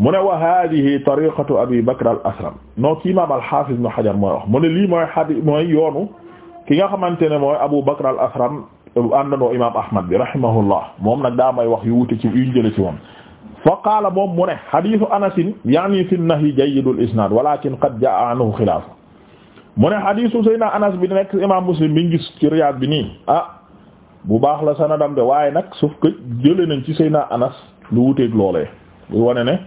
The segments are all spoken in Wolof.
mu ne wa hadihi tariqatu abi bakr al asram no ki imaam alxaafis ibn xajar mooy wax mu ne lii mooy xadi mooy yoonu ki nga xamante ne mooy abu bakr al asram àndandoo imaam ahmad bi rahimahullah moom nag daa may wax yu wute ci yuñ jële ci moom fa qaala moom mu ne xadisu anasin yaani fi nahyi jayyidul isnaad walakin qad jaa anhu xilaaf mu ne xadisu sayna anas bi nekk imaam muslim bi ngis ci riyaad bi nii ah bu baax la sanadam de waaye nag sauf que jële nañ ci sayna anas lu wuteeg loolee lu wone ne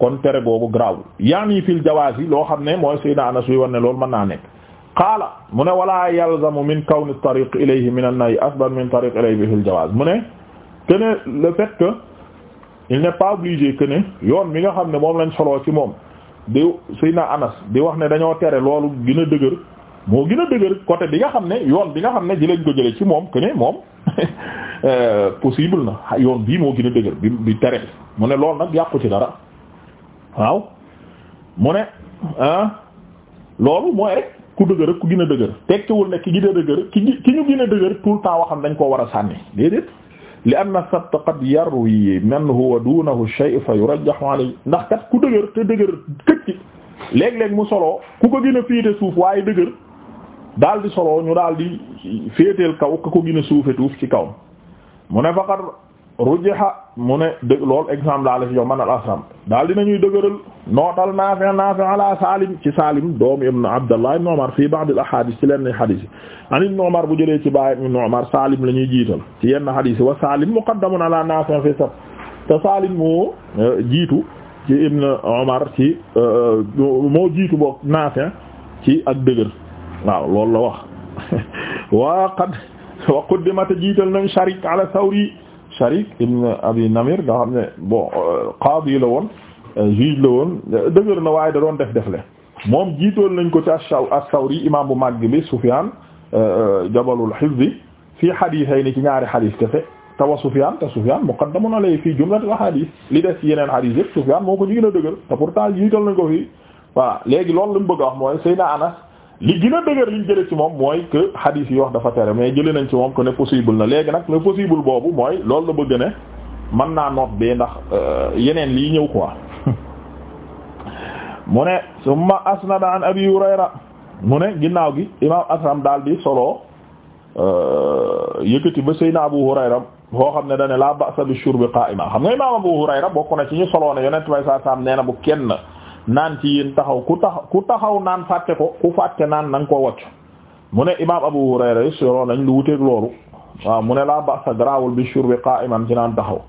kon tere googu graw yaani fil jawaaz yi loo xam ne mooy Seydina Anas wi war ne loolu mën naa nekk qaala mu ne wala yalzamu min kawni tariq ilayhi min an-nahy asbar min tariq ilayhi fil jawaaz mu ne que ne le fait que il n'est pas obligé que yoon mi nga xam ne moom lañ solo ci moom di Seydina Anas di wax ne dañoo tere loolu gën a dëgër moo gën a dëgër côté bi nga xam ne yoon bi nga xam ne ji lañ ko jële ci moom que ne moom euh, possible na yoon bii moo gën a dëgër bi tere mu ne loolu nag yàqu ci dara waaw mu ne ah, loolu mooy rek ku dëgër ku gën a dëgër tekkiwul ne ki gën a dëgër ki ki ñu gën a dëgër tout le temps waxam dañ koo war a sànni déedéet li anna sabt qad yarwi man huwa dunahu shay fa yurajjahu alayhi ndax kat ku dëgër te dëgër këcc léeg-léeg mu solo ku ko gën a suuf waaye dëgër daal di solo ñu daal di féeteel kaw ku ko gën a suufe tuuf ci kaw mu ne faqad rujiha mu ne dëgg loolu exemple laa la fi jox man al asram daal dinañuy dëgëral nootal Naafi' Naafi' ala Salim ci Salim doomu ibn Abdallah ibn Umar fii ba'd al ahadith ci lenn hadith yi an ibn Umar bu jëlee ci baay ibn Umar Salim la ñuy jiital ci yenn hadith yi wa Salim muqaddamun ala Naafi' fi sab te Salim moo euh, jiitu ci ibn Umar ci euh, euh, moo jiitu boog Naafi' ci ak dëgër waaw loolu la wax waa qad wa quddimat jiital nañ Sharik ala Thawri Sharik ibn Abi Namir nga xam ne bon euh, qaadi la woon euh, juge la woon dëgër na waaye da doon def defle moom jiitoon nañ ko ci as-Sawri imaam bu mag bi Sufyaan euh, jabalul hifzi fii hadithayni ci ñaari hadith kese te wa Sufyaan te Sufyaan muqaddamun alayhi fii jumlatil hadith li des ci yeneen hadith yëpp Sufyaan moo ko ñu gën a dëgër te pourtant jiitoon nañ ko fii voilà léegi loolu lu mu bëgg a wax mooy Seydina Anas li gën a dëgër liñ jële ci moom mooy que hadith yi wax dafa tere mais jële nañ ci moom que ne possible na léegi nag le possible boobu mooy loolu la bëgg ne mën naa noot bee ndax euh, yeneen lii ñëw quoi mu ne summa na an abi hurayra mu ne ginnaaw gi imam asram daal di solo euh, yëkkati ba seyna abu hurayra foo xam ne dane la ba'sa bi shurbi qaa'ima xam nga imam abu hurayra bokk na ci ñu solo ne yonent saa saam nee na bu kenn naan ci yéen taxaw ku taxaw ku taxaw naan fàtte ko ku fàtte naan na ko wacc mu ne imaam Abu Hurayra solo nañ lu wuteeg loolu waaw mu ne laa basa garawul bi shurbi qa'iman ci naan taxaw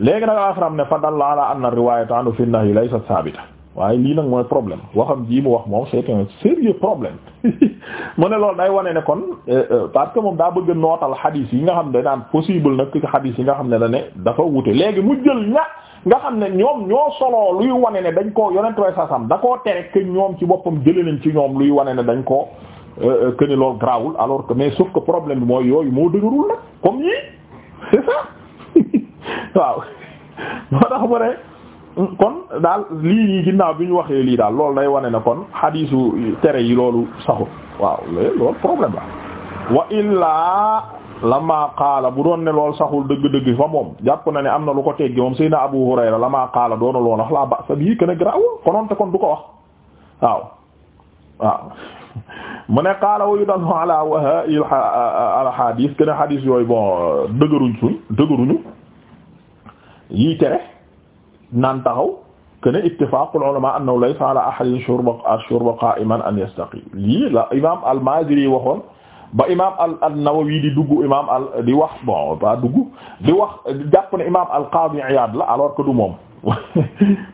léegi nag alaxram ne fa dalla ala anna riwayata anu fi nahyi laysa sabita waaye lii nag mooy problème waxam jii mu wax moom c'est un sérieux problème mu ne loolu day wane ne kon euh, euh, parce que moom daa bëgg nootal xadiis yi nga xam ne naan possible nag xadiis yi nga xam ne da ne dafa wute léegi mu jël ña nga xam ne ñoom ñoo solo luy wane ne dañ koo yonent way sasam da koo tere que ñoom ci boppam jëlee nañ ci ñoom luy wane ne dañ ko euh, euh, que ni loolu grawul alors que mais sauf que problème bi mooy yooyu moo dëgërul nag comme ñii c'est waaw moo tax mu ne kon daal lii nii ginnaaw bi ñu waxee lii daal loolu day wane ne kon xadiisu tere yi loolu saxul waaw loolu problème la wa illaa lama qaala bu doon ne lool saxul dëgg-dëgg fa moom jàpp na ne am na lu ko teggi moom Seydina Abu Hurayra lama qaala doona loon wax laa ba sa bii kën a grawul kononte kon du ko wax waaw waaw mu ne qaala wa yudallu ala wahaa'i al hadith kën hadith yooyu bon dëgëruñ suñ yi tere naan taxaw kën a ittifaaqul ulamaa annahu laysa ala ahadin shurba ash an yastaqi lii la imaam al waxoon ba imaam al an-Nawawi di dugg imaam al di wax bon ba dugg di wax jàpp ne imaam al Qaadi Iyaad la alors que du moom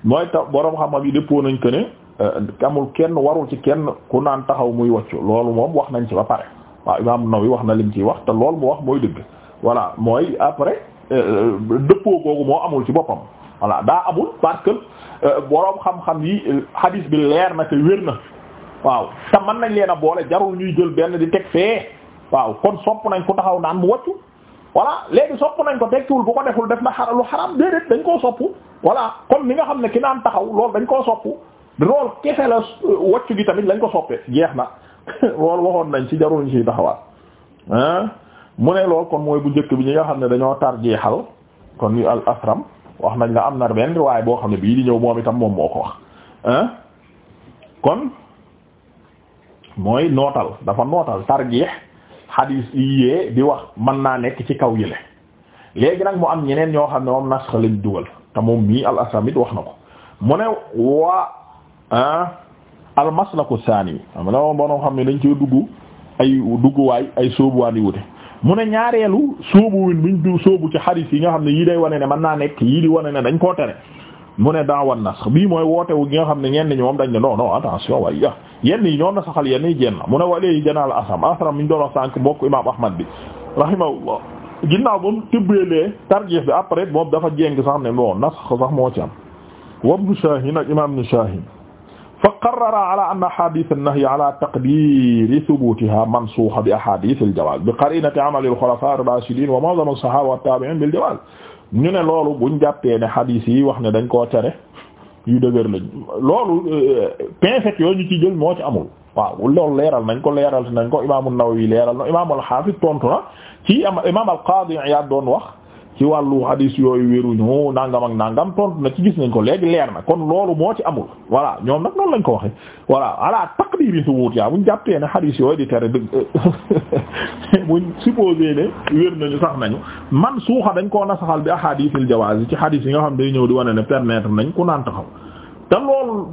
mooy tax borom xam-xam yi dëppoo nañ que ne euh, amul kenn warul ci kenn ku naan taxaw muy waccu loolu moom wax nañ ci ba pare waaw imaam an-Nawawi wax na lim ciy wax te loolu mu wax mooy dëgg voilà mooy après euh, dëppoo googu moo amul ci boppam voilà daa amul parce euh, boroom borom xam-xam yi hadis bi leer na te wér na. waaw te man nañ leen a boole jarul ñuy jël benn di teg fee waaw kon sopp nañ ko taxaw naan mu wàccu voilà léegi sopp nañ ko tekkiwul bu ko deful def na xara lu xaram déedéet dañ koo sopp voilà comme ni nga xam ne ki naan taxaw lool dañ koo sopp lool kese la wàccu gi tamit lañ ko soppee jeex na loolu waxoon nañ ci jarul ñu ciy taxawaat ah mu ne loolu kon mooy bu njëkk bi ñu nga xam ne dañoo tar jeexal kon ñu al asram wax nañ la am na benn waaye boo xam ne bii di ñëw moom itam moom moo ko wax kon. mooy nootal dafa nootal tarjeex xadiis yiyee di wax mën naa nekk ci kaw yële léegi nag mu am ñeneen ñoo xam ne moom nasx lañ dugal te moom mii al asamit wax na ko mu ne waa ah al maslaku saani yi am na moom boo xam ne dañ cee dugg ay dugguwaay ay sóobuwaan yu wute mu ne ñaareelu sóobu win biñ du sóobu ci xadiis yi nga xam ne yii day wane ne mën naa nekk yii di wane ne dañ koo tere mu ne daawan nas bii mooy wootewu gi nga xam ne ñenn ñi moom dañ ne non non attention waaye ya yenn yi ñoo na saxal yenn yi jenn mu ne waleeyi janaal asam asam mi ñu doon wax sànk mbokk imam ahmad bi rahimahullah ginnaaw ba mu tëbbalee tarjih bi après moom dafa jéng sax ne bon nas sax moo ci am wa ibn shahin ak imam ibn shahin fa qarrara ala anna ahadith an-nahy ala taqdiri thubutiha mansukha bi ahadith al-jawaz bi qarinati amal al-khulafa ar-rashidin wa mu'zam as-sahaba wat-tabi'in bil-jawaz ñu ne loolu buñ jàppee ne xadiis yi wax ne dañ koo tere yu dëgër lañ loolu euh, pinfet yooyu ñu ci jël moo ci amul waaw loolu leeral nañ ko leeral nañ ko imaamu Nawawi leeral na imaam al tontu na ci am imaam al-Qadi Iyad doon wax ci wàllu hadis yooyu wéruñu nangam ak nangam tontu na ci gis nañ ko léegi leer na kon loolu moo ci amul voilà ñoom nag noonu lañ ko waxe voilà ala taqdiri thubuut yaa buñ jàppee ne hadis yooyu di tere dëgg buñ supposé ne wér nañu sax nañu man suuxa dañ koo nasaxal bi ahadithil jawaaz ci hadis yi nga xam day ñëw di wane ne permettre nañ ku naan taxaw te loolu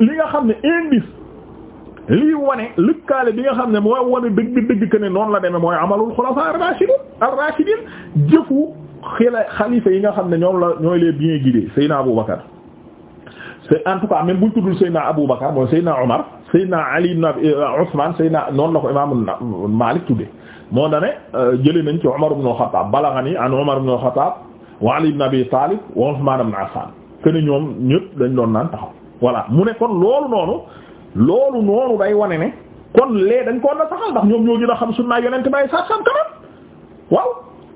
li nga xam ne indice lii wane lëkkaale bi nga xam ne mooy wane dëgg dëgg que ne noonu la demee mooy amalul xulafaa ar jëfu xila xalifa yi nga xam ne ñoom la ñooy les bien guidés Seydina Abu Bakar c'est en tout cas même Abu Bakar mooy Seydina Omar Seydina Ali ibn euh, Usman Seydina noonu la ko imaamu Maalik tudde moo dane euh, jële nañ ci Omar ibn al-Khattab balaghani an Omar ibn al wa Ali ibn Abi Talib wa Usman ibn Affan que ñoom ñëpp dañ doon naan taxaw voilà mu ne kon loolu noonu loolu noonu day wane ne kon lee dañ koo na saxal ndax ñoom ñoo gën a xam sunnaa yonent bay sax sam kanam waaw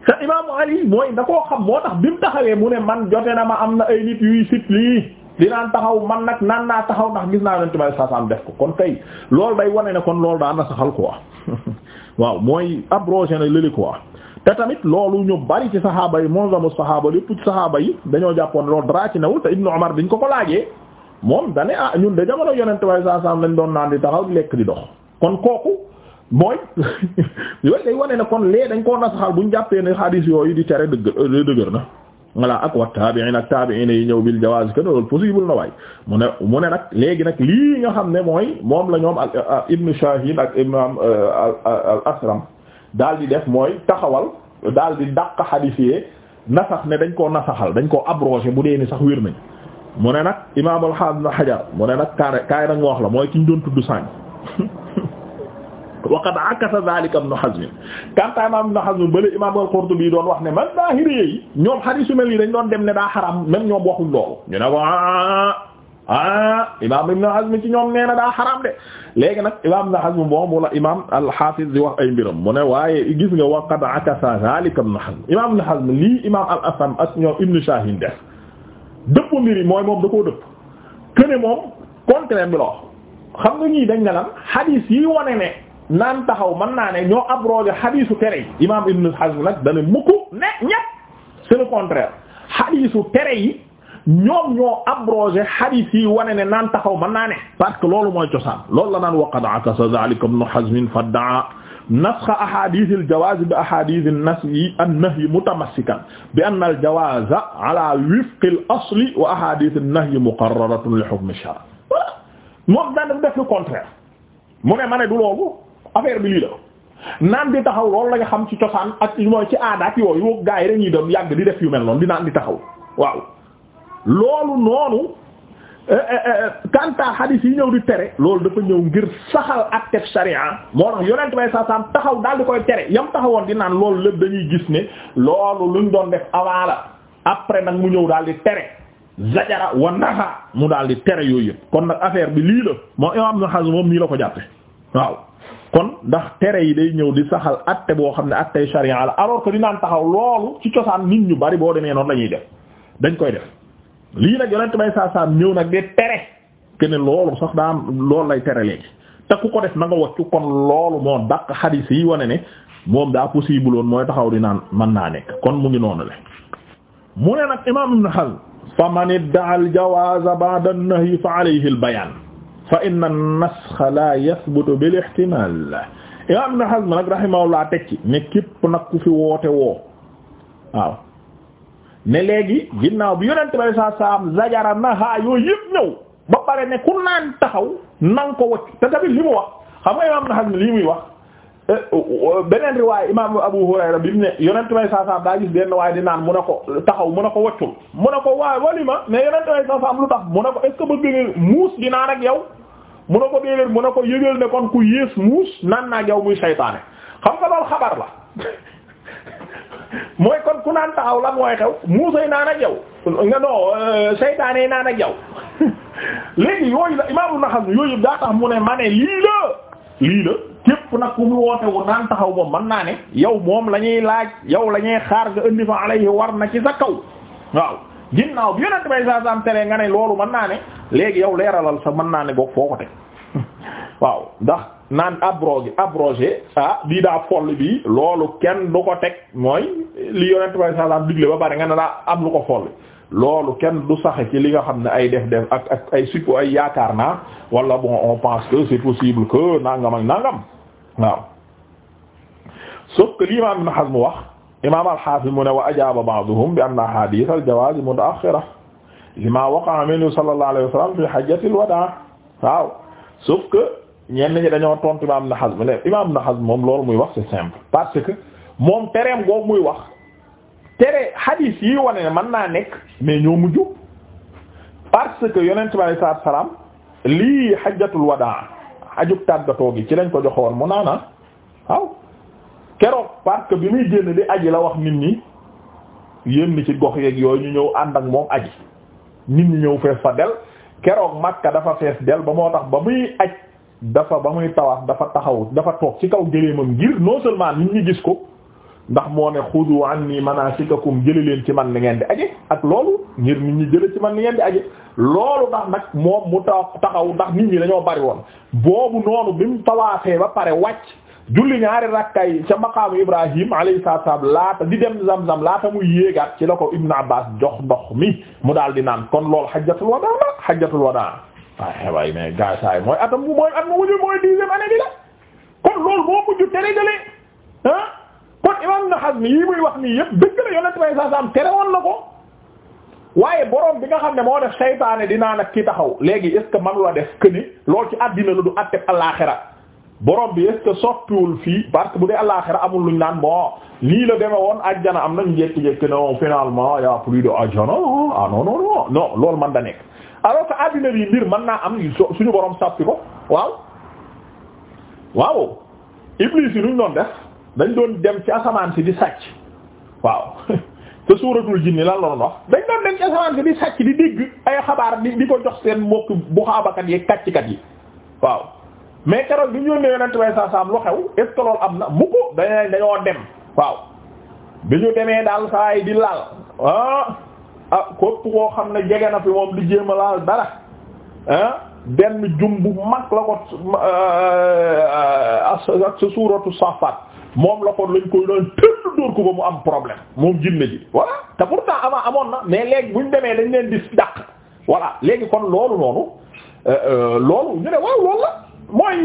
te imaamu ali mooy da koo xam moo tax bi mu taxawee mu ne man jote na ma am na ay nit yuy sit lii dinaan taxaw man nag naan naa taxaw ndax gis naa yonent bay sax def ko kon tey loolu day wane ne kon loolu daan na saxal quoi waaw mooy abrogé na lëli quoi te tamit loolu ñu bari ci saxaaba yi moom la mu saxaaba lépp ci saxaaba yi dañoo jàppoon loolu dara ci nawul te Ibnu Umar biñ ko ko laajee moom dane ah ñun de jamono yonent waaye saa saa lañ doon naan di taxaw lekk di dox kon kooku mooy yooyu day wane ne kon lee dañ koo nasaxal buñ jàppee ne xadiis yooyu di tere dëgg euh, dëgër na voilà ak wa tabi'in ak tabi'in yi ñëw bil jawaaz que loolu possible na waay mu ne mu ne nag léegi nag lii nga xam ne mooy moom la ñoom ak Ibn Shahin euh, ak imam al asram daal di def mooy taxawal daal di dàq xadiis yee nasax ne dañ koo nasaxal dañ koo abrogé bu dee ni sax wér nañ mu ne nag imaam al-Haafiz Ibn Hajar mu ne nag kaay kaay nag wax la mooy ki ñu doon tudd sànq wa qad akasa zaalika Ibn Hazm kanta imaam Ibn wax ne man zaahiri yi ñoom hadiis yu mel yi dañ doon dem ne daa xaram même ñoom waxul loolu ñu ne ko ah ah, ah ah imaam Ibn Hazm ci ñoom nee na xaram de léegi nag imaam Ibn Hazm moom wala imaam al-Haafiz di wax ay mbiram mu ne waaye gis nga wa qad akasa zaalika Ibn Hazm imaam Ibn Hazm imaam al-Asam ak ñoom Ibn Shaahin de dëpp mbir yi mooy moom da koo dëpp këne moom contraire bi xam nga ñii dañ ne lan xadiis yi wane ne naan taxaw mën naa ne ñoo abrogé xadiisu tere yi imaam Ibn Hazm nag dana mukk ne ñett c'est le contraire xadiisu tere yi ñoom ñoo abrogé xadiis yi wane ne naan taxaw mën naa ne parce que loolu mooy cosaan loolu la naan waqad akasa zalika Ibn Hazm daa nasxa ahadithil jawaz bi ahadithin nasyi an nahyi mutamassikan bi anna a jawaza ala wifqi al asli wa ahadithin nahyi muqarraratun li hukm al ma ne du loolu affaire bi lii la naan di taxaw loolu la nga xam ci cosaan ak ci aada ak yooyu gaa yi dañuy doon yàgg di def yu mel noonu di naan di taxaw loolu noonu kantaa euh, euh, euh, hadis yi ñëw di tere loolu dafa ñëw ngir saxal attef sharia moo tax yonent bay sasam taxaw daal di koy tere yam taxawoon di naan loolu lépp dañuy gis ne loolu luñ doon def avant la après nag mu ñëw daal di tere zajara wa naha mu daal di tere yooyu yëpp kon nag affaire bi lii la moo imam na Hazm moom nii la ko jàppe waaw kon ndax tere yi day ñëw di saxal atte boo xam ne attey sharia la alors que di naan taxaw loolu ci cosaan nit ñu bari boo demee noonu la ñuy dañ koy def lii nag yonent bay saa ñëw nag de tere ke ne loolu sax daa am lay tere léegi te ko def na waccu kon loolu moo daq xadiis yi wane ne moom daa possible woon mooy taxaw di naan mën naa nekk kon mu ngi noonu le mu ne nag imaam Ibn Hazm fa man idda'a al-jawaaza ba'da fa alayhi al fa inna an-naskha la yathbutu bil-ihtimaal imaam Ibn Hazm nag rahimahullah teg ci ne képp nag ku fi woote woo waaw ne léegi ginnaaw bi yonent bay saa saam zajara naha yooyu yëpp ñëw ba pare ne ku naan taxaw nan ko wacc te tamit li mu wax xam nga imam Nahal lii muy wax euh, beneen riwaay imam Abu Hurayra bi mu ne yonent bay saa saam daa gis benn waaye di naan mu ne ko taxaw mu ne ko waccul mu ne ko waaye walima mais yonent bay saa saam lu tax mu ne ko est-ce que bëgg nga muus di naan ak yow mu ne ko déedéet mu ne ko yëgal ne kon ku yées muus naan naa ak yow muy saytaane xam nga loolu xabar la mooy kon ku naan taxaw lan mooy xew muusay naan ak yow nga non euh, seytaane naan ak yow léegi yooyu la imaamu Naxal yooyu yëpp daa mu ne ma ne lii la na la képp ku mu woote wu naan taxaw moom man naa ne yow moom la ñuy laaj yow la ñuy xaar nga indi fa alayhi war na ci sa kaw waaw ginnaaw bi yonent bay sa sam tere nga ne loolu mën naa ne léegi yow leeralal sa mën naa ne boog foo ko teg waaw ndax naan abrogé abrogé ah lii daa foll bi loolu kenn du ko teg mooy li yonent bay salam digle ba pare nga ne daa am lu ko foll loolu kenn du saxe ci li nga xam ne ay def def ak ak ay suppo ay yaakaar naa walla bon on pense que c'est possible que nangam nangam waaw sauf que li imam Ibn Hazm wax imam al mu ne wa ajaaba ba'duhum bi anna ahadith al-jawaz mutaakhira lima waqa'a minhu sallallahu alayhi wa sallam fi hajjatil wadaa waaw ñenn ñi dañoo tontu imaam Ibn Hazm ne imaam Ibn Hazm moom loolu muy wax c'est simple parce que moom tereem googu muy wax tere hadith yi wane ne mën naa nekk mais ñoo mujj parce que yonent bi alayhi salaatu salaam lii hajjatul wadaa ajuk tàggatoo gi ci lañ ko joxoon mu naana waaw keroog parce que bi muy génn di aji la wax nit ñi yéen ci gox yeeg yooyu ñu ñëw ànd ak moom aji nit ñu ñëw fees fa del keroog Makka dafa fees del ba moo tax ba muy aj dafa ba muy tawaaf dafa taxaw dafa toog ci kaw gëléemam ngir non seulement nit ñi gis ko ndax moo ne xudu anni manasikakum jële leen ci man ni ngeen di aje ak loolu ngir nit ñi jële ci man ni ngeen di aje loolu ndax nag moom mu taw taxaw ndax nit ñi dañoo bari woon boobu noonu bi mu tawaafee ba pare wàcc julli ñaari rakkay ca maqaamu ibrahim alayhi salaam laata di dem zam-zam laata muy yéegaat ci la ko ibn abbas jox ndox mi mu daal di naan kon loolu xajjatul wadaa la xajjatul wadaa waaye ah, eh, waaye mais gaa saay mooy atam bu mooy at mu mujj mooy dixième année bi kon loolu moo mujj tere jëlee ah kon imam na xas mi yii muy wax nii yëpp dëgg la yonent bay saa saam tere woon na ko waaye borom bi nga xam ne moo def saytaane dinaa nag ki taxaw léegi est ce man la def que ni ci àddina la du àtte àllaaxira borom bi est ce fii parce que bu dee àllaaxira amul luñ naan bon lii la demee woon ajjana am nañu jékki-jékki ne oh, finalement y a ah, nekk. alors que addina bi mbir mën naa am suñu borom sàppi ko waaw waaw iblis yi nuñ doon def dañ doon dem ci asamaan si di sàcc waaw te suuratul jinni lan la doon wax dañ doon dem ci asamaan si di sàcc di dégg ay xabaar li di ko jox seen mbokk bu xaabakat yi kàccikat yi waaw mais keroog bi ñu yónnee yonent way saa saam lu xew est-ce loolu am na mu ko dañoo dañoo dem waaw bi ñu demee daal saa yi di laal ah. ah képp koo xam ne jege na fi moom di jéem a laal dara ah benn jum bu mag la ko euh, ak suuratu Safaat moom la ko lañ koy doon tëdd dóor ko mu am problème moom jinne ji voilà te pourtant avant amoon na mais léegi bu ñu demee dañ leen di dàq voilà léegi kon loolu noonu euh, euh, loolu ñu ne waaw loolu la mooy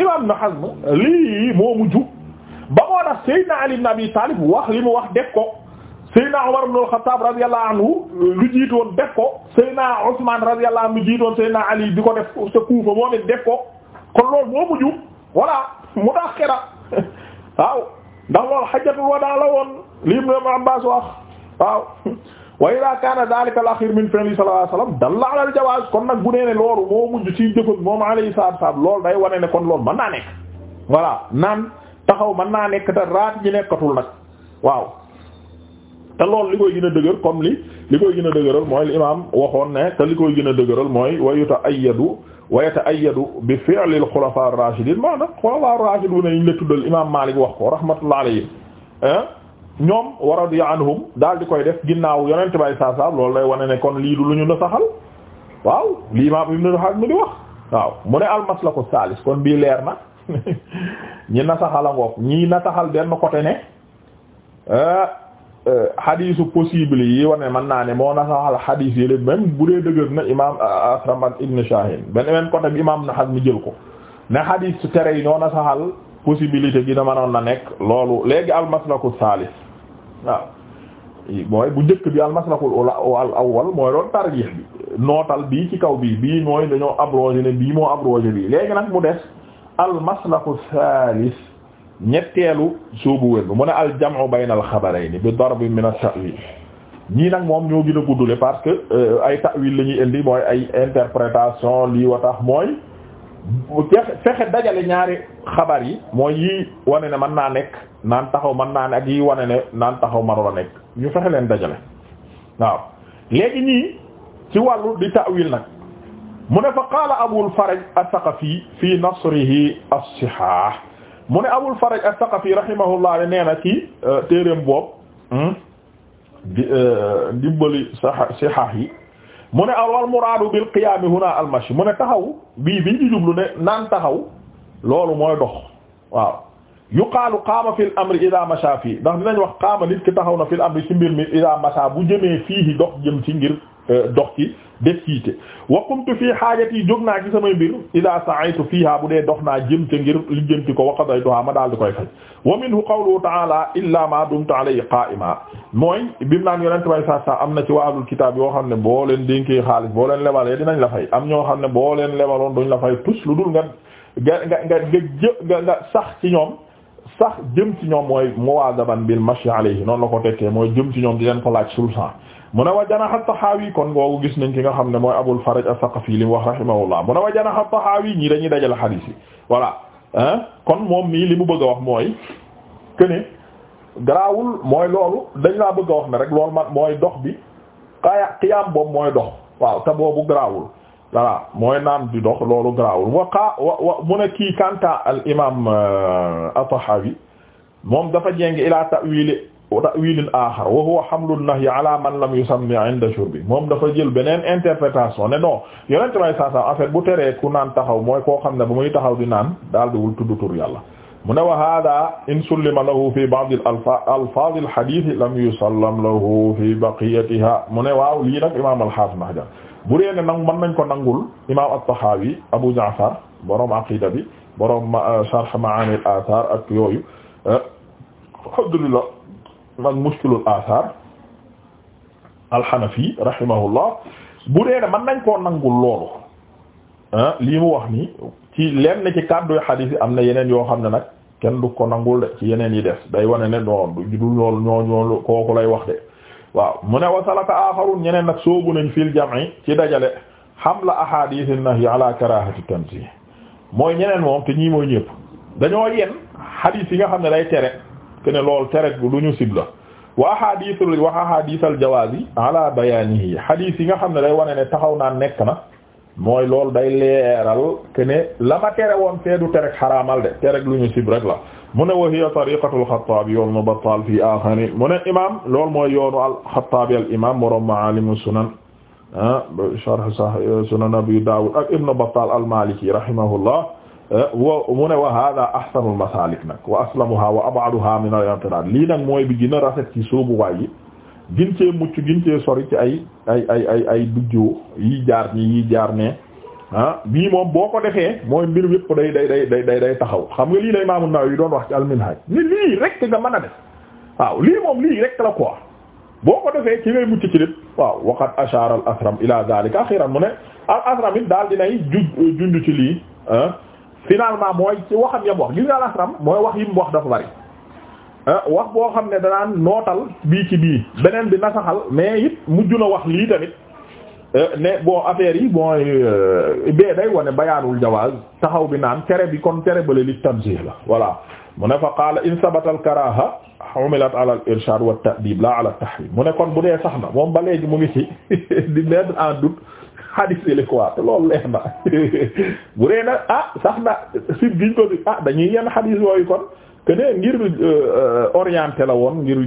Imaam Ibn Hazm lii moo mu ba moo tax Seydina Ali ibn Abi Talib wax li mu wax def ko. Seydina Umar ibn al-Khattab radiyallahu anhu euh, lu jiitoon def ko Seydina Ousmane radiyallahu anhu lu jiitoon Seydina Ali di ko def sa Kuufa moom it def ko kon loolu moo mujj voilà mu daa xira waaw ndax loolu hajjatul wadaa la woon li Ibn Abbas wax waaw wa ila kaana dhalika al-akhir min fi'li sallallahu alayhi wasallam dalla ala al-jawaz kon nag bu nee ne loolu moo mujj ci jëfam moom alayhi salaatu wasallam loolu day wane ne kon loolu mën naa nekk voilà naan taxaw mën naa nekk te raat ji nekkatul nag waaw te loolu li koy gën a dëgër comme li li koy gën a dëgëral mooy li imaam waxoon ne te li koy gën a dëgëral mooy wa yuta'ayyadu wa yata'ayyadu bi fi'li al-khulafa ar-rashidin maanaam khulafa ar-rashidun ne ñu la tuddal imaam Maalik wax ko rahmatullahi alayhi ñoom wa radiya anhum daal di koy def ginnaaw yonent bay saa saa loolu lay wane ne kon lii du lu ñu na saxal waaw lii imaam Ibn Hazm di wax waaw mu ne al-maslaku saalis kon bii leer na ñi na saxal a ngoog xadiisu euh, possible yi wane man naa ne moo nasaxal xadiis yi même bu dee dëgër na imaam euh, Asram ak Ibn Shahin beneen côté bi imaam na xas mi jël ko ne xadiis su tere yi noo nasaxal possibilité gi na manoon na nekk loolu léegi almaslaku saalis waaw mooy bu njëkk bi almaslakul al awwal mooy doon tarjih bi nootal bii ci kaw bii bii mooy dañoo abrogé ne bii moo abrogé bii léegi nag mu des almaslaku saalis ñetteelu soobu wér bi mu ne aljamu bayna alxabarayni bi darbi min at-ta'wil ñii nag moom ñoo gën a guddule parce que euh, ay ta'wil la ñuy indi mooy ay interprétation lii wa tax mooy fexe dajale ñaari xabar yi mooy yii wane ne mën naa nekk naan taxaw man naa ne ak yii wane ne naan taxaw mënul a nekk ñu fexe leen dajale waaw léegi ñii ci wàllu di ta'wil nag mu ne fa qaala abul faraj as-saqafi fi nasrihi as-sihah mu ne Abul Faraj as-Saqafi rahimahullah nee na ci euh, téereem boobu hmm, di euh, dimbali sihah yi mu ne awal muraadu bil qiyaami huna al-mashi mu ne taxaw bii biñ ci jublu ne naan taxaw loolu mooy dox waaw yuqaalu qaama fil amri idaa masha fii ndax dinañ wax qaama nit ki taxaw na fil amri ci mbir mi idaa masha bu jëmee fiihi dox jëm ci ngir Euh, dox ci def ciite waqumtu fii xaajat yi jóg naa ci samay mbir ila sa'aytu fiiha bu dee dox naa jëm ca ngir lijjanti ko wa qadaytuha ma daal di koy fay wa minhu qawluhu ta'ala illa ma dumtu alayhi qaa'ima mooy bimu naan yonent way sa sa am na ci wàllul kitaab yoo xam ne boo leen dénkee xaalis boo leen lebalee dinañ la fay am ñoo xam ne boo leen lebaloon duñ la fay tus lu dul nga nga nga nga nga nga sax ci ñoom sax jëm ci ñoom mooy muwazaban bil mashi alayhi noonu la ko mooy jëm ci ñoom di leen ko laaj sulsan mu ne wa janaha Tahawi kon googu gis nañ ki nga xam ne mooy Abul Faraj as-Saqafi li mu wax rahimahullah mu ne wa janaha Tahawi ñii dañuy dajal xadiis yi voilà kon moom mii li mu bëgg a wax mooy que ne mooy loolu dañ laa bëgg a wax ne rek loolu mooy dox bi xaya xiyaam boobu mooy dox waaw te boobu garaawul voilà mooy naan di dox loolu garaawul waqa mu ne kii kanta al imam euh, Tahawi moom dafa jéng ila ta'wil ta'wil akhar wa huwa hamlu an-nahy ala man lam yusammi 'inda shurbi moom dafa jël beneen interprétation ne non yonent may saa saa en fait bu teree ku naan taxaw mooy koo xam ne ba muy taxaw di naan daal di wul tudd tur yàlla mu ne wa hada in sullima lahu fi ba'd al-alfaz al-hadith lam yusallam lahu fi baqiyatiha mu ne waaw lii nag imam al-hafiz Hajar bu dee ne nag mën nañ ko nangul imam at-Tahawi Abu Ja'far borom aqida bi borom sharh ma'ani al-athar ak yooyu eh, alhamdulillah mag mushkilul athar alxanafi rahimahullah bu dee ne man nañ koo nangul loolu ah, lii mu wax nii ci leen na ci kàddu xadiis yi am na yeneen yoo xam ne nag kenn du ko nangul de ci yeneen yi def day wane ne doon du dul loolu ñoo ñoo kooku lay wax de waaw mu ne wasalaka aaxarun ñeneen nag soobu nañ fii jam'i ci dajale hamla ahadith an-nahy ala karahati tanzih mooy ñeneen moom te ñii mooy ñëpp dañoo yenn xadiis yi nga xam ne day tere que ne loolu tere bu lu ñu sib la wa ahadithul wa ahadithal jawaazi ala bayaanihi hadith yi nga xam ne day wane ne taxaw naa nekk na mooy loolu day leeral que ne la ma tere woon fee du tereg xaraamal de tereg lu ñu sib rek la mu ne wa hiya tariqatul xattaabi wal mubattal fii axari mu ne imaam loolu mooy yoonu al xattaabi al imaam borom maalimu sunan ah sharh sahih sunan abi daawud ak ibnu battal al maliki rahimahullah mu ne wa hada ahsanul masalik nag wa aslamuha wa abaduha min al-i'tirad lii nag mooy bi gën a rafet ci soobuwaay yi gin cee mucc gin cee sori ci ay ay ay ay ay dujjo yi jaar ni yi jaar ne ah bii moom boo ko defee mooy mbir yëpp day day day day day taxaw xam nga lii lay Imam An-Nawawi doon wax ci al ni lii rek nga mën a def waaw lii moom lii rek la quoi boo ko defee ci ngay mucc ci lépp waaw waqad ashara al-Asram ila zalika akhiran mu ne al-Asram it daal dinay ju junj ci lii ah, finalement mooy ci waxam yam wax gis nga alasram mooy wax yim wax dafa bari ah, wax boo xam ne danaan nootal bii ci bii beneen bi nasaxal mais it mujjuna wax lii tamit eh, ne boo affaire yi bon euh, bee day wane bayaanul jawaaz taxaw bi naan tere bi kon tere bale li tanzih la voilà mu ne fa qaala in sabata al karaha umilat ala al irshad wa at ta'dib la ala at tahrim mu ne kon bu dee sax na moom ba léegi mu ngi ci di mettre en doute xadis yi quoi loolu leer bu dee nag ah sax na sib giñ ko ah dañuy yenn xadis yooyu kon que ne ngir euh, euh, orienté la woon ngir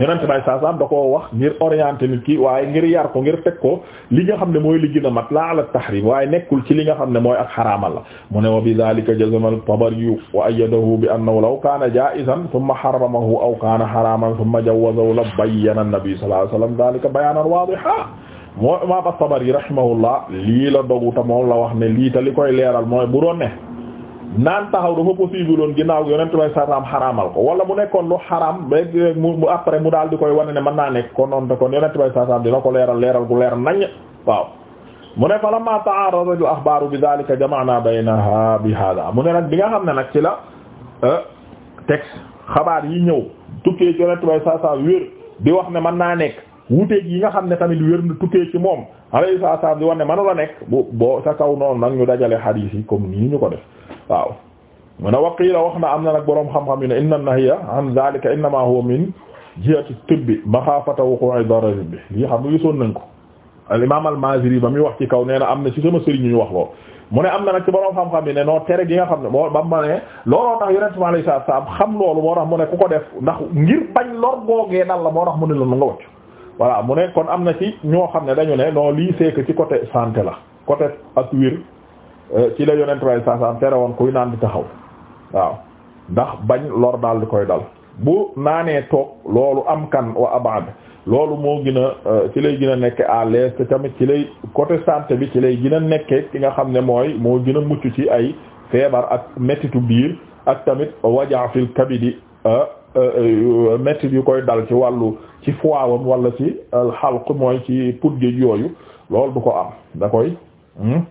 yenente bay saasaam da koo wax ngir orienté nit waaye ngir yar ko ngir teg ko li nga xam ne mooy li gën mat la ala tahrim waaye nekkul ci li nga xam ne mooy ak xaraamal la mu ne wa bi dhalika jazama al-Tabari wa ayyadahu bi annahu law kaana jaa'izan thumma harramahu aw kaana haraaman thumma jawwazahu la bayyana an-nabi moo imaam at-Tabari rahimahullah lii la dogu ta moom la wax ne lii ta li koy leeral mooy bu doon ne naan taxaw dafa possible woon ginnaaw yonent bay saasaam xaraamal ko wala mu nekkoon lu xaraam rek mu après mu daal di koy wane ne mën naa nekk kon noonu te kon yonent saasaam dina ko leeral leeral gu leer nañ waaw mu ne fa lamma ta'arada al axbaaru bi daalika jama'na baynaha bi hada mu ne nag bi nga xam ne nag ci la euh, texte xabaar yi ñëw tukkee ci yonent wax ne mën naa nekk wuuteeg yi nga xam ne tamit wér na tukkee ci moom alayhi salaam di wax ne mënu la nekk bu boo sa kaw noonu nag ñu dajale xadiis yi comme nii ñu ko def waaw mun a waqiila wax na am na nag boroom xam-xam yi ne inna nahya an zalika innama huwa min jihati tibbi maxaafata wuqu'i darar bi lii xam nga gisoon nañ ko al imam al maziri ba muy wax ci kaw nee na am na ci sama sëriñ wax lool mu ne am na nag ci boroom xam-xam yi ne noo tere gi nga xam ne moo ba ma ne looloo tax yonent bi alayhi salaam xam loolu moo tax mu ne ku ko def ndax ngir bañ lor googee dal la moo tax mu ne la nga wacc voilà mu ne kon am na ci ñoo xam ne dañu ne non lii c'est ci côté santé la côté ak wir euh, ci la yonent way saasaam tere woon kuy naan di taxaw waaw ndax bañ lor daal di koy dal bu naanee toog loolu am kan wa abad loolu moo gën a euh, ci lay gën a nekke à l'aise te tamit ci lay côté santé bi ci lay gën a nekkee ki nga xam ne mooy moo gën a mucc ci ay feebar ak mettitu biir ak tamit waja fil kabidi euh, mettit yu koy dal ci wàllu ci foiwam walla ci euh, xalq mooy ci pudgéej yooyu lool du ko am da koy hmm?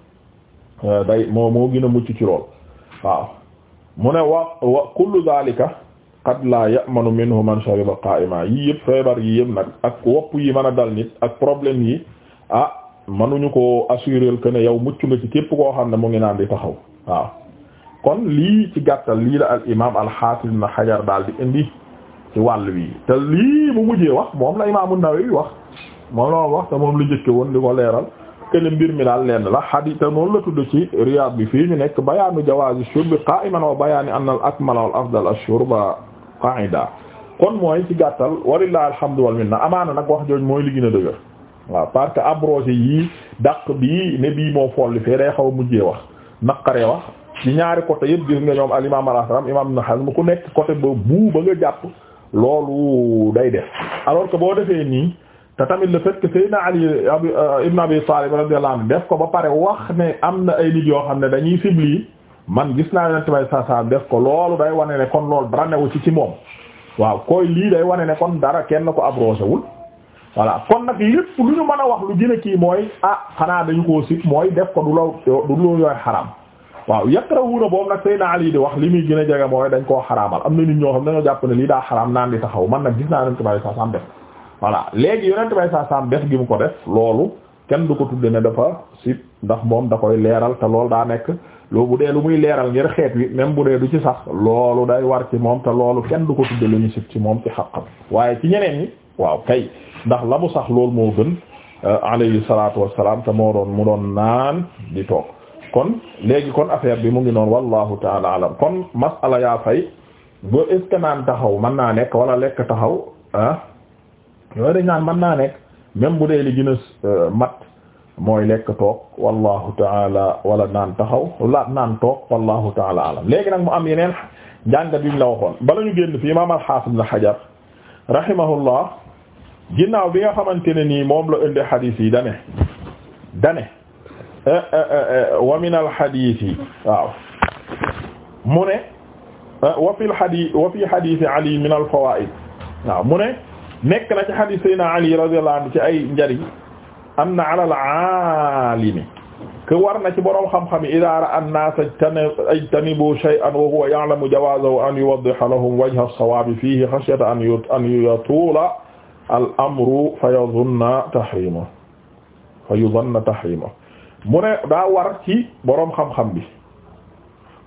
euh, day moo moo gën a mucc ci lool waaw mu ne wa wa kullu zalika qad la ya'manu minhu man shariba qa'ima yi yëpp feebar yi yëpp nag ak wopp yi mën a dal nit ak problème yi ah mënuñu ko assurer que ne yow mucc nga ci képp koo xam ne mu ngi naan di taxaw waaw kon lii ci gàttal lii la al imam al hafiz na xajar daal di indi ci wàll wi te lii mu mujjee wax moom la imaamu Nawawi wax moom la wax te moom la jëkke woon li ko leeral kële mbir mi daal lenn la xadis te noonu la tudd ci Riyaad bi fii ñu nekk bayaanu jawaazi shurbi qaa'iman wa bayaani anna ak akmala wal afdal ash-shurba qaa'ida kon mooy ci gàttal walillahi alhamdu wal amaana nag wax jooju mooy li gën a dëgër waaw parce que abrogé yii dàq bii ne bii moo folli fee day xaw a mujjee wax naqaree wax ci ñaari côté yëpp gis nga ñoom al imaam al asram ku nekk côté ba ba nga loolu day def alors que boo defee nii te tamit le fait que Seydina Ali euh, ibn Abi Talib radiyallahu anhu def ko ba pare wax ne am na ay nit yoo xam ne dañuy sibli man gis naa yonent bay saasaam def ko loolu day wane ne kon lool dara newu ci ci moom waaw koy lii day wane ne kon dara kenn ko abrogé wul voilà kon nag lépp lu ñu mën a wax lu gën kii mooy ah xanaa dañu koo sib mooy def ko du la du loo yooy xaram waaw yakrahuuna boobu nag Seydina Ali di wax li muy gën a jege mooy dañ koo xaraamal am na nit ñoo xam dañoo jàpp ne lii daa xaraam naan di taxaw man nag gis naa yonent bay saa saam def voilà léegi yonent bay saa saam def gi mu ko def loolu kenn du ko tudde ne dafa sit ndax moom da koy leeral te loolu daa nekk loo bu dee lu muy leeral ngir xeet wi même bu dee du ci sax loolu day war ci moom te loolu kenn du ko tudde lu ñu sit ci moom ci xaqam waaye ci ñeneen waaw kay ndax la mu sax loolu moo gën euh, alayhi salaatu wassalaam te moo doon mu doon naan di toog kon léegi kon affaire bi mu ngi noon wallahu taala alam kon masala yaa fay ba est naan taxaw man naa nekk wala lekk taxaw ah yooyu naan mën naa nekk même bu dee li gën a euh, mat mooy lekk toog wallahu taala wala naan taxaw la naan toog wallahu taala alam léegi nag mu am yeneen njàngat yuñ la waxoon bala ñu génn fii imaam al-Hafiz na Hajar rahimahullah ginnaaw bi nga xamante ne nii moom la ëndi hadith yi dane dane Eh, eh, eh, wa min alxadiisi waaw mu ne wa fi lxadis wa fi xadisi ali min alfawaid waaw mu ne nekk na ci xadis sayna ali radiyallahu anhu ci ay njëriñ am na ala alaalimi que war na ci boroom xam-xam yi idaa ra'a an-naasa ijtanibu shay'an wa huwa ya'lamu jawaazahu an yuwaddiha lahum wajha as-sawaabi fiihi xashyata an yatuula al-amru fa yadunna tahriimahu fa yadunna tahriimahu mu ne daa war ci boroom xam-xam bi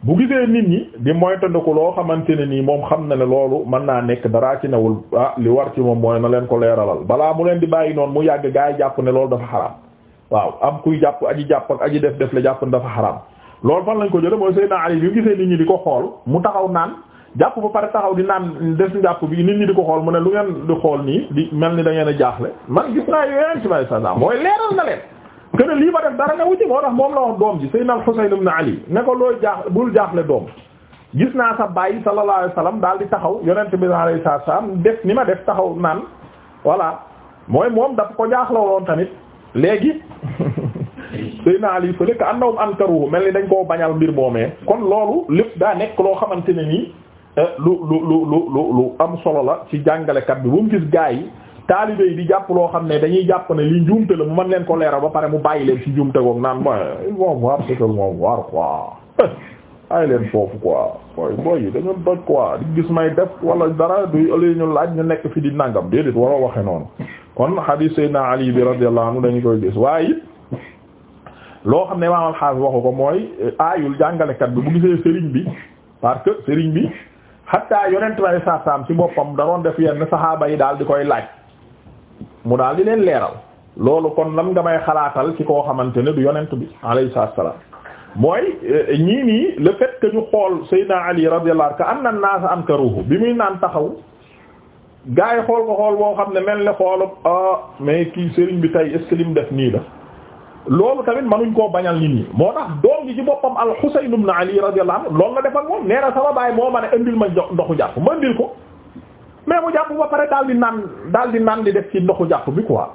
bu gisee nit ñi di moytandiku loo xamante ne nii moom xam na ne loolu mën naa nekk daraa ci newul ah li war ci moom mooy na leen ko leeralal balaa mu leen di bàyyi noonu mu yàgg gaa yi jàpp ne loolu dafa xaraam waaw am kuy jàpp aji jàpp ak aji def def la jàpp ne dafa xaraam loolu fan lañ ko jële mooy Seydina Ali yu gisee nit ñi di ko xool mu taxaw naan jàpp ba pare taxaw di naan def njàpp bi nit ñi di ko xool mu ne lu ngeen di xool nii di mel ni da ngeen a jaaxle man gis naa yooyu ci may kene lii ma def dara nga wuti moo tax moom la wax doom ji Seydina al-Husayn ibn Ali ne ko looy jaax bul jaaxle doom gis naa sa baay sallallahu alayhi wasallam daal di taxaw yonent bi alayhi salaam def ni ma def taxaw naan voilà mooy moom dafa ko jaaxle woon tamit léegi Seydina Ali fële ka annahum ankaruhu mel ni dañ koo bañal mbir moomee kon loolu lépp daa nekk loo xamante ne nii eh, lu lu lu lu lu am solo la ci jàngalekat bi bu mu gis gaa yi taalibe yi di jàpp loo xam ne dañuy jàpp ne li njuumte la mu mën leen ko leeral ba pare mu bàyyi leen ci njuumte goog naan mooy ils vont voir ce qu'ils vont voir leen foofu quoi mooy booy dañu doj quoi di gis may def wala dara du ëllëg ñu laaj ñu nekk fi di nangam déedéet waroo waxe noonu kon hadith Seydina Ali bi radiyallahu anhu dañu koy gis waaye it loo xam ne maamal xaas waxu ko mooy eh, aayul jàngalekat bi bu gisee sëriñ bi parce que sëriñ bi xatta yonent bay saasaam ci boppam da def yenn saxaaba yi daal di koy laaj mu daal di leen leeral loolu kon lan nga may xalaatal ci koo xamante ne du yonent bi alayhi salaam mooy eh, ñii nii le fait que ñu xool Seydina Ali radiyallahu anhu anna am naasa ankaruhu bi muy naan taxaw gars yi xool ko xool boo xam ne mel ne xoolub ah mais kii sëriñ bi tey est li mu def nii la. loolu tamit manuñ koo bañal nit ñi moo tax doom gi ci boppam al-Husayn ibn Ali radiyallahu anhu loolu la def ak moom nee na sama baay moo ma ne indil ma ndoxu jàpp ma indil ko. mais mu jàpp ba pare daal di naan daal di naan di def ci ndoxu jàpp bi quoi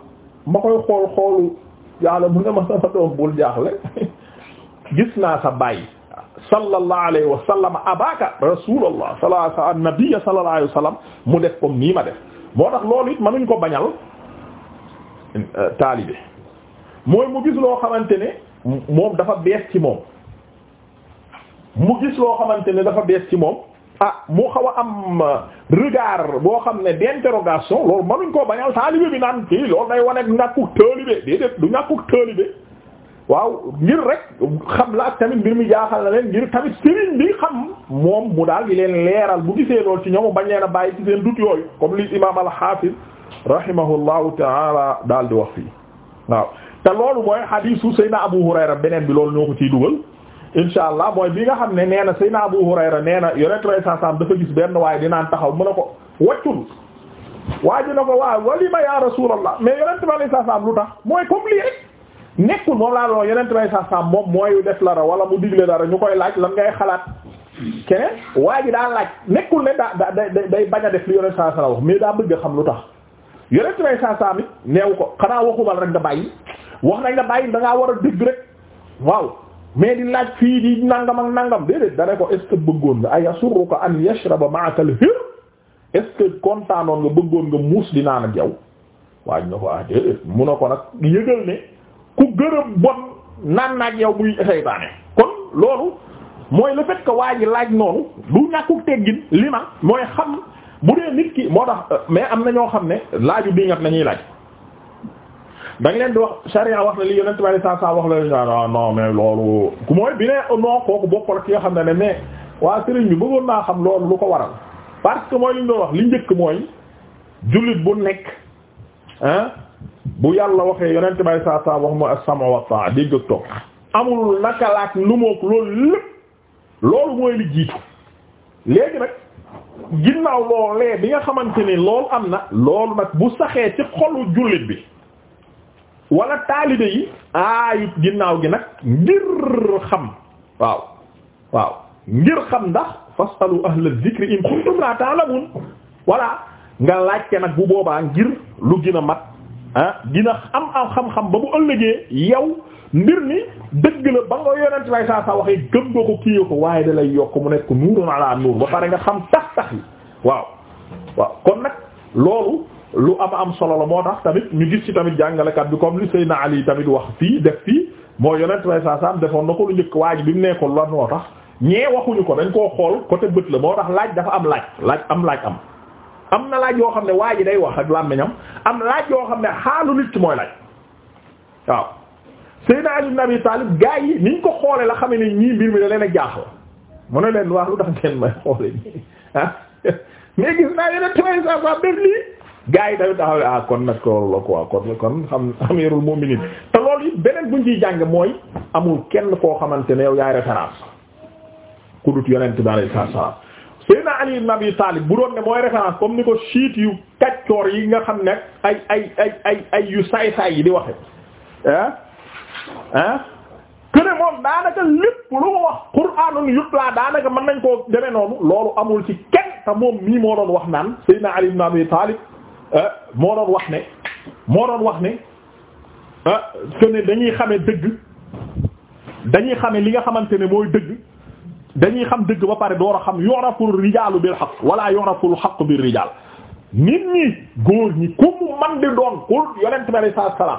ma koy xool xoolu yàlla mu ne ma sama doom bul jaaxle gis naa sa baay sallallahu alayhi wa sallam abaka rasulullah sallallahu alayhi sa sallam nabiyya sallallahu alayhi mu def comme nii ma def moo tax loolu it mënuñ ko bañal euh, taalibe mooy mu gis loo xamante ne moom dafa bees ci moom mu gis loo xamante ne dafa bees ci moom ah mu xaw a am euh, regard boo xam ne d'interrogation loolu mënuñ koo bañal taalibe bi naan kii loolu day wane ñàkkuk taalibe déedéet du ñàkkuk taalibe waaw ngir rek xam la ak tamit mbir mi jaaxal na leen ngir tamit sëriñ bi xam moom mu daal di leen leeral bu gisee lool ci ñoom bañ leen a bàyyi ci seen dut yooyu comme li imaam al-Hafiz rahimahullahu ta'ala daal di wax fii waaw te loolu mooy hadiisu Seydina Abu Hurayra beneen bi loolu ñoo ko ciy dugal insha allah mooy bii nga xam ne nee na Seydina Abu Hurayra nee na yonent lay saasaam dafa gis benn waaye dinaan taxaw mu ne ko waccul waa na ko waaw walima ya rasulallah mais yonent lay saasaam lu tax mooy comme lii rek nekkul moom laa doon yonent lay saasaam moom mooy def la dara wala mu digle dara ñu koy laaj lan ngay xalaat keneen waa ji daa laaj nekkul ne daa da day bañ a def li yonent saasaam wax mais daa bëgg a xam lu tax yonent lay saasaam it neew ko xanaa waxumal rek nga bàyyi wax nañ nga bàyyi da ngaa war a dégg waaw. mais di laaj fii di nangam ak nangam déedéet da ko est bëggoon nga ay asurruka an yashraba ma'aka al-hir est ce que kontaanoon nga bëggoon nga muus di naan ak yow waaj na ko ah déedéet mun na ko nag yëgal ne ku gërëm bon naan naag yow muy seytaane kon loolu mooy le fait que waa ji laaj noonu du ñàkkuk teggin li ma mooy xam bu dee nit ki moo tax mais am na ñoo xam ne laaju bi nga nañuy laaj. da leen di wax charia wax na li yonent bi saa saa wax la ñu ah non mais loolu ku mooy bi ne non kooku bokkul ak ki nga xam ne ne mais waa sëriñ bi bëggoon naa xam loolu lu ko waral parce que mooy li ñu doon wax li njëkk mooy jullit bu nekk ah bu yàlla waxee yonent bi saa saa wax mooy as-sam'u wa ta'a dégg ak toog amul naka laak lu mook loolu lépp loolu mooy li jiitu léegi nag ginnaaw loolee bi nga xamante ni loolu am na loolu nag bu saxee ci xolu jullit bi wala taalibe yi aayut ginnaaw gi nag ngir xam waaw waaw ngir xam ndax fasalu ahla dhikri in kuntum la ta'lamun voilà nga laajte nag bu boobaa ngir lu gën a mat ah dina am am xam-xam ba bu ëllëgee yow mbir mi dëgg la ba nga yonent lay saa saa waxee gëm nga ko kii ko waaye da lay yokk mu nekk nuurun ala nuur ba pare nga xam tax tax yi waaw waaw kon nag loolu lu am am solo la moo tax tamit ñu gis ci tamit jàngalekat bi comme li Seydina Ali tamit wax fii def fii moo yonent way saa saam defoon na ko lu njëkk waa ji bi mu nekkul lan moo tax ñee waxuñu ko dañ koo xool côté bët la moo tax laaj dafa am laaj laaj am laaj am am na laaj yoo xam ne waaj yi day wax ak làmmiñam am laaj yoo xam ne xaalu nit ki mooy laaj waaw Seydina Ali ibn Abi Talib gaa yi niñ ko xoole la xam ne ñii mbir mi da leen a jaaxal mu ne leen wax lu tax ngeen may xoole ñii ah mais gis gars yi tamit taxaw ah kon nag loolu la quoi kon kon xam amirul mu'minin te loolu it beneen buñ ciy jàng mooy amul kenn koo xamante ne yow yaay référence ku dut yonent bi alayhi salaam Seydina Ali ibn Abi Talib bu doon ne mooy référence comme ni ko siit yu kaccoor yi nga xam ne ay ay ay ay yu saay-saay yi di waxe ah ah kene moom daanaka lépp lu mu wax qur'aanun yutla daanaka mën nañ koo demee noonu loolu amul ci kenn te moom mii moo doon wax naan Euh, moo doon wax ne moo doon wax ne ah que ne dañuy xame dëgg dañuy xame li nga xamante ne mooy dëgg dañuy xam dëgg ba pare door a xam yoraful rijaalu bil xaq wala yoraful xaq bil rijaal nit ñi góor ñi ku mu man di doon ku yonent bi alayhi salaam